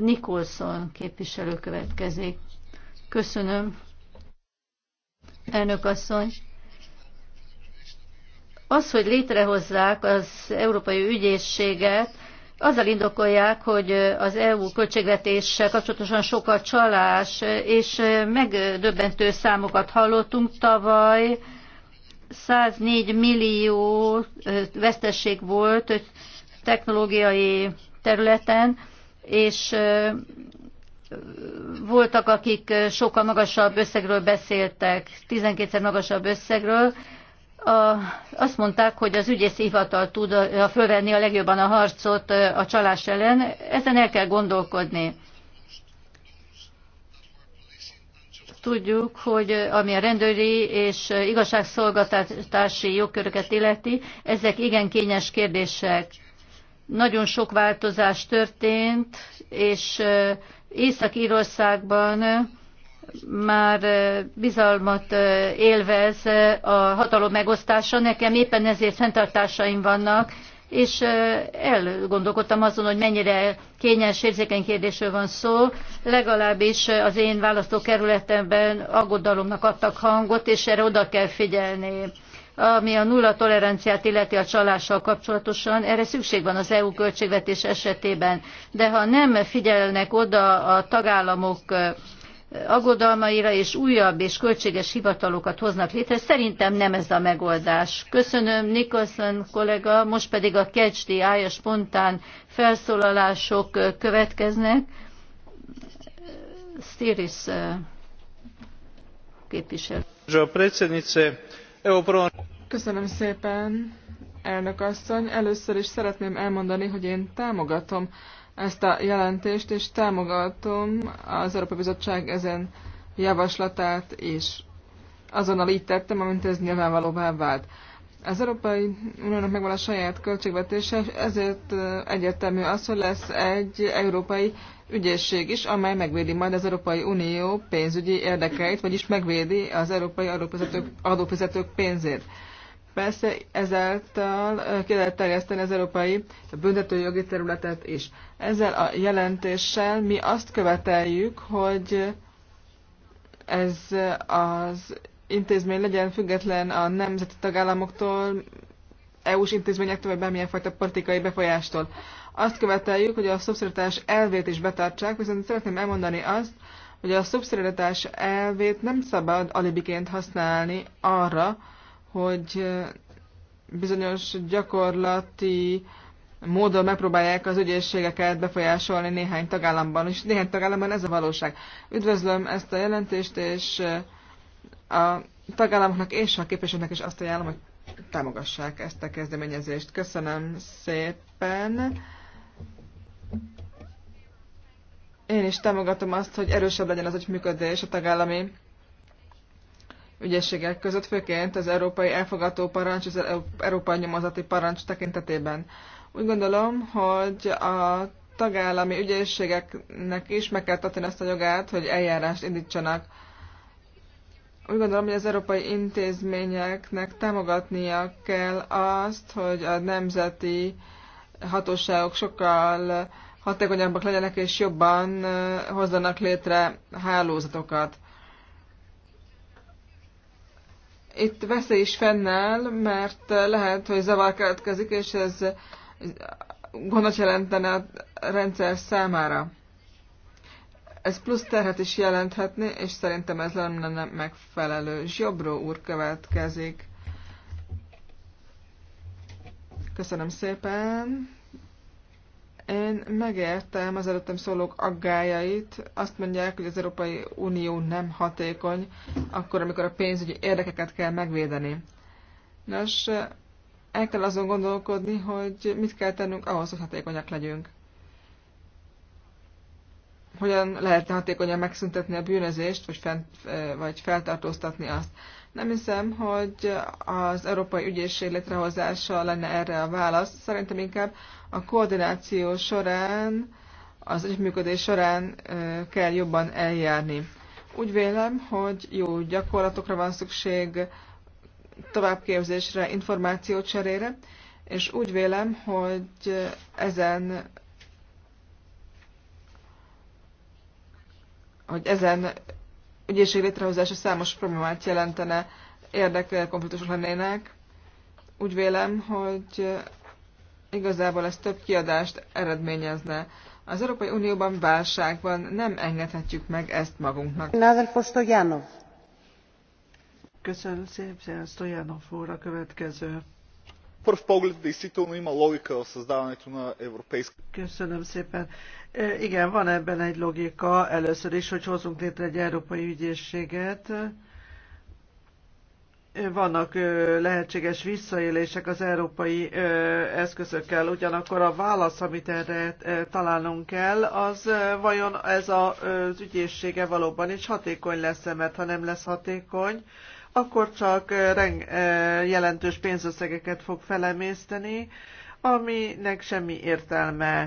Nicholson képviselő következik. Köszönöm. Elnök asszony. Az, hogy létrehozzák az Európai Ügyészséget, azzal indokolják, hogy az EU költségvetéssel kapcsolatosan sok a csalás, és megdöbbentő számokat hallottunk tavaly. 104 millió veszteség volt technológiai területen, és voltak, akik sokkal magasabb összegről beszéltek, 12-szer magasabb összegről, a, azt mondták, hogy az ügyész hivatal tudja fölvenni a legjobban a harcot a csalás ellen. Ezen el kell gondolkodni. Tudjuk, hogy ami a rendőri és igazságszolgáltatási jogköröket illeti, ezek igen kényes kérdések. Nagyon sok változás történt, és Észak-Írországban már bizalmat élvez a hatalom megosztása. Nekem éppen ezért fenntartásaim vannak, és elgondolkodtam azon, hogy mennyire kényes, érzékeny kérdésről van szó. Legalábbis az én választókerületemben aggodalomnak adtak hangot, és erre oda kell figyelni ami a nulla toleranciát illeti a csalással kapcsolatosan, erre szükség van az EU költségvetés esetében. De ha nem figyelnek oda a tagállamok aggodalmaira és újabb és költséges hivatalokat hoznak létre. Szerintem nem ez a megoldás. Köszönöm Nicholson kollega, most pedig a kecsdi ája spontán felszólalások következnek. Stiris képviselő. Köszönöm szépen, elnök asszony. Először is szeretném elmondani, hogy én támogatom ezt a jelentést, és támogatom az Európai Bizottság ezen javaslatát is. Azonnal így tettem, amint ez nyilvánvalóvá vált. Az Európai Uniónak megvan a saját költségvetése, ezért egyértelmű az, hogy lesz egy európai ügyészség is, amely megvédi majd az Európai Unió pénzügyi érdekeit, vagyis megvédi az európai adófizetők, adófizetők pénzét. Persze ezáltal ki lehet terjeszteni az európai büntetőjogi területet is. Ezzel a jelentéssel mi azt követeljük, hogy ez az intézmény legyen független a nemzeti tagállamoktól, EU-s intézményektől, vagy bármilyen fajta politikai befolyástól. Azt követeljük, hogy a szubszidiaritás elvét is betartsák, viszont szeretném elmondani azt, hogy a szubszidiaritás elvét nem szabad alibiként használni arra, hogy bizonyos gyakorlati módon megpróbálják az ügyészségeket befolyásolni néhány tagállamban, és néhány tagállamban ez a valóság. Üdvözlöm ezt a jelentést, és a tagállamoknak és a képviselőknek is azt ajánlom, hogy támogassák ezt a kezdeményezést. Köszönöm szépen! Én is támogatom azt, hogy erősebb legyen az működés a tagállami ügyességek között, főként az európai elfogató parancs, az e- európai nyomozati parancs tekintetében. Úgy gondolom, hogy a tagállami ügyészségeknek is meg kell tartani azt a jogát, hogy eljárást indítsanak. Úgy gondolom, hogy az európai intézményeknek támogatnia kell azt, hogy a nemzeti uh, hatóságok sokkal hatékonyabbak legyenek és jobban hozzanak létre hálózatokat. Itt veszély is fennáll, mert lehet, hogy zavar keletkezik, és ez gondot jelentene a rendszer számára. Ez plusz terhet is jelenthetni, és szerintem ez lenne megfelelő. Zsobró úr következik. Köszönöm szépen. Én megértem az előttem szólók aggájait. Azt mondják, hogy az Európai Unió nem hatékony, akkor, amikor a pénzügyi érdekeket kell megvédeni. Nos, el kell azon gondolkodni, hogy mit kell tennünk ahhoz, hogy hatékonyak legyünk. Hogyan lehetne hatékonyan megszüntetni a bűnözést, vagy, fent, vagy feltartóztatni azt. Nem hiszem, hogy az Európai Ügyészség létrehozása lenne erre a válasz. Szerintem inkább a koordináció során, az együttműködés során kell jobban eljárni. Úgy vélem, hogy jó gyakorlatokra van szükség, továbbképzésre, cserére, és úgy vélem, hogy ezen hogy ezen ügyészség létrehozása számos problémát jelentene, érdekkonfliktusok lennének. Úgy vélem, hogy igazából ez több kiadást eredményezne. Az Európai Unióban válságban nem engedhetjük meg ezt magunknak. Postojanov. Köszönöm szépen, Stojanov úr a következő пръв поглед действително има логика в създаването на европейска... Köszönöm szépen. Igen, van ebben egy logika. Először is, hogy hozunk létre egy európai ügyészséget. Vannak lehetséges visszaélések az európai eszközökkel, ugyanakkor a válasz, amit erre találnunk kell, az vajon ez az ügyészsége valóban is hatékony lesz-e, mert ha nem lesz hatékony, akkor csak eh, eh, jelentős pénzösszegeket fog felemészteni, aminek semmi értelme.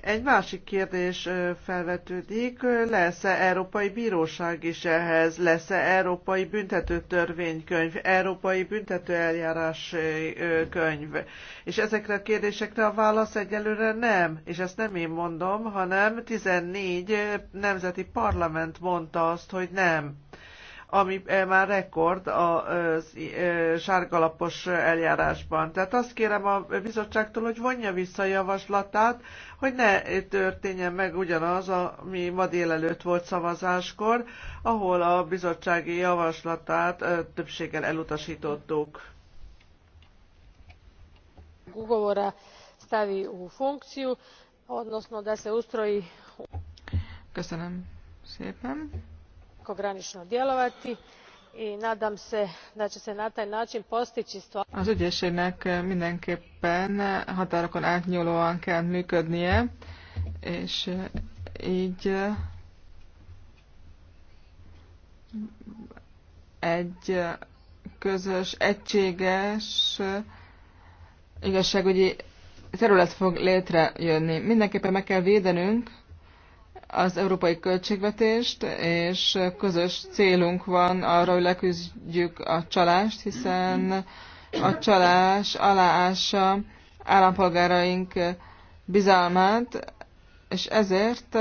Egy másik kérdés eh, felvetődik, lesz-e Európai Bíróság is ehhez, lesz-e Európai Büntető Törvénykönyv, Európai Büntető Eljárás könyv. És ezekre a kérdésekre a válasz egyelőre nem, és ezt nem én mondom, hanem 14 nemzeti parlament mondta azt, hogy nem ami eh, már rekord a eh, sárgalapos eljárásban. Tehát azt kérem a bizottságtól, hogy vonja vissza a javaslatát, hogy ne történjen meg ugyanaz, ami ma délelőtt volt szavazáskor, ahol a bizottsági javaslatát eh, többséggel elutasítottuk. Google-ra stavi u funkciju, odnosno da se ustroji... Köszönöm szépen prekogranično djelovati i nadam se da će se na taj način postići az ügyészségnek mindenképpen határokon átnyúlóan kell működnie, és így egy közös, egységes igazságügyi terület fog létrejönni. Mindenképpen meg kell védenünk az európai költségvetést, és közös célunk van arra, hogy leküzdjük a csalást, hiszen a csalás aláássa állampolgáraink bizalmát, és ezért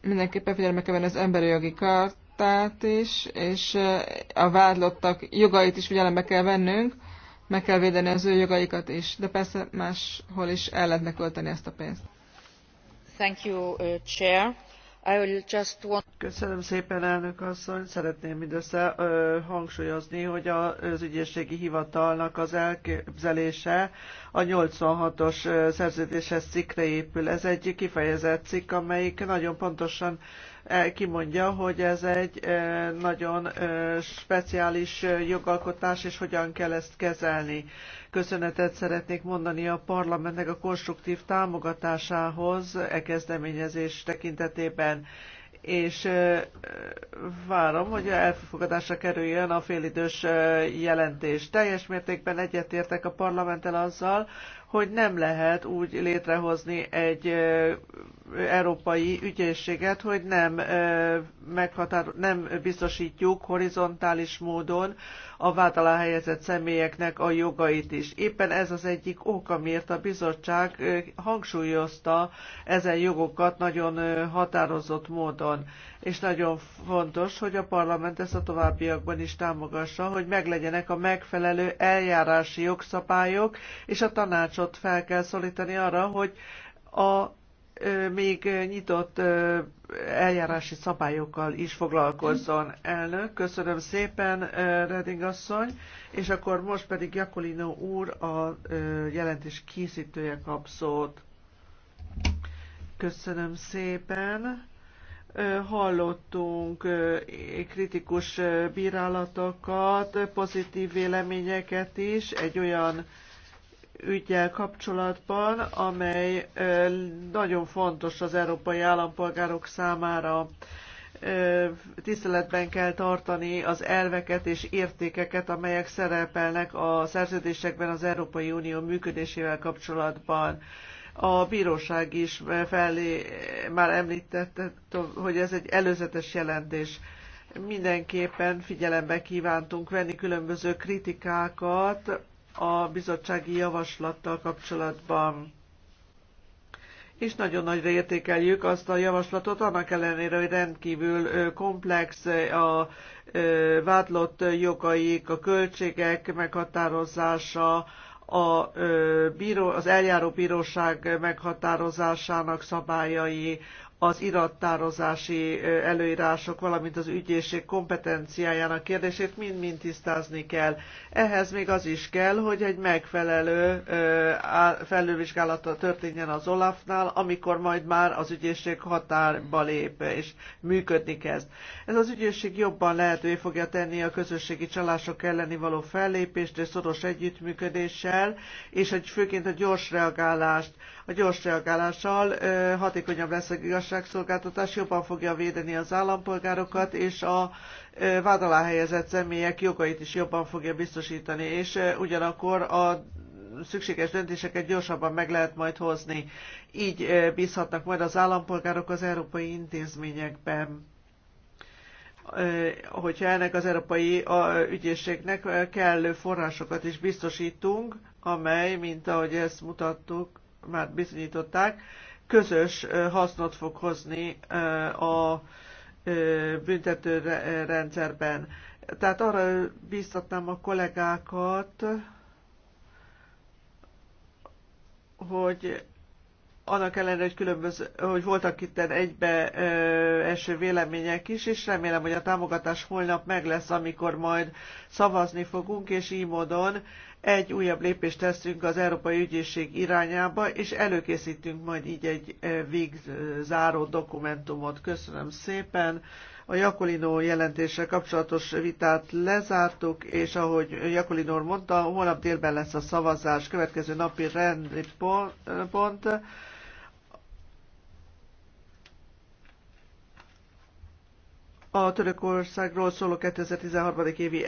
mindenképpen figyelme kell venni az emberi jogi kartát is, és a vádlottak jogait is figyelembe kell vennünk, meg kell védeni az ő jogaikat is, de persze máshol is el lehetne költeni ezt a pénzt. Thank you, uh, Chair. I will just want... Köszönöm szépen, elnök asszony. Szeretném mindössze ö, uh, hangsúlyozni, hogy az ügyészségi hivatalnak az elképzelése a 86-os uh, szerződéshez cikkre épül. Ez egy kifejezett cikk, amelyik nagyon pontosan kimondja, hogy ez egy nagyon speciális jogalkotás, és hogyan kell ezt kezelni. Köszönetet szeretnék mondani a parlamentnek a konstruktív támogatásához e kezdeményezés tekintetében és várom, hogy elfogadásra kerüljön a félidős jelentés. Teljes mértékben egyetértek a parlamenttel azzal, hogy nem lehet úgy létrehozni egy európai ügyészséget, hogy nem, meghatár, nem biztosítjuk horizontális módon a vád alá helyezett személyeknek a jogait is. Éppen ez az egyik oka, miért a bizottság hangsúlyozta ezen jogokat nagyon határozott módon. És nagyon fontos, hogy a parlament ezt a továbbiakban is támogassa, hogy meglegyenek a megfelelő eljárási jogszabályok, és a tanácsot fel kell szólítani arra, hogy a még nyitott eljárási szabályokkal is foglalkozzon. Elnök, köszönöm szépen, Reding asszony, és akkor most pedig Jakolino úr, a jelentés készítője kap szót. Köszönöm szépen hallottunk kritikus bírálatokat, pozitív véleményeket is, egy olyan ügyel kapcsolatban, amely nagyon fontos az európai állampolgárok számára. Tiszteletben kell tartani az elveket és értékeket, amelyek szerepelnek a szerződésekben az Európai Unió működésével kapcsolatban. A bíróság is felé már említette, hogy ez egy előzetes jelentés mindenképpen figyelembe kívántunk venni különböző kritikákat a bizottsági javaslattal kapcsolatban. És nagyon nagyra értékeljük azt a javaslatot, annak ellenére, hogy rendkívül komplex a vádlott jogaik, a költségek meghatározása, a, bíró, az eljáró bíróság meghatározásának szabályai, az irattározási előírások, valamint az ügyészség kompetenciájának kérdését mind-mind tisztázni kell. Ehhez még az is kell, hogy egy megfelelő felülvizsgálata történjen az Olafnál, amikor majd már az ügyészség határba lép és működni kezd. Ez az ügyészség jobban lehetővé fogja tenni a közösségi csalások elleni való fellépést és szoros együttműködéssel, és egy főként a gyors reagálást a gyors reagálással hatékonyabb lesz az igazságszolgáltatás, jobban fogja védeni az állampolgárokat, és a vád alá helyezett személyek jogait is jobban fogja biztosítani, és ugyanakkor a szükséges döntéseket gyorsabban meg lehet majd hozni. Így bízhatnak majd az állampolgárok az európai intézményekben hogyha ennek az európai ügyészségnek kellő forrásokat is biztosítunk, amely, mint ahogy ezt mutattuk, már bizonyították, közös hasznot fog hozni a büntető rendszerben. Tehát arra bíztatnám a kollégákat, hogy annak ellenére, hogy, különböző, hogy voltak itt egybe ö, eső vélemények is, és remélem, hogy a támogatás holnap meg lesz, amikor majd szavazni fogunk, és így módon egy újabb lépést teszünk az Európai Ügyészség irányába, és előkészítünk majd így egy e, végzáró dokumentumot. Köszönöm szépen. A Jakolino jelentéssel kapcsolatos vitát lezártuk, és ahogy Jakolino mondta, holnap délben lesz a szavazás. Következő napi rendi pont, pont a Törökországról szóló 2013. évi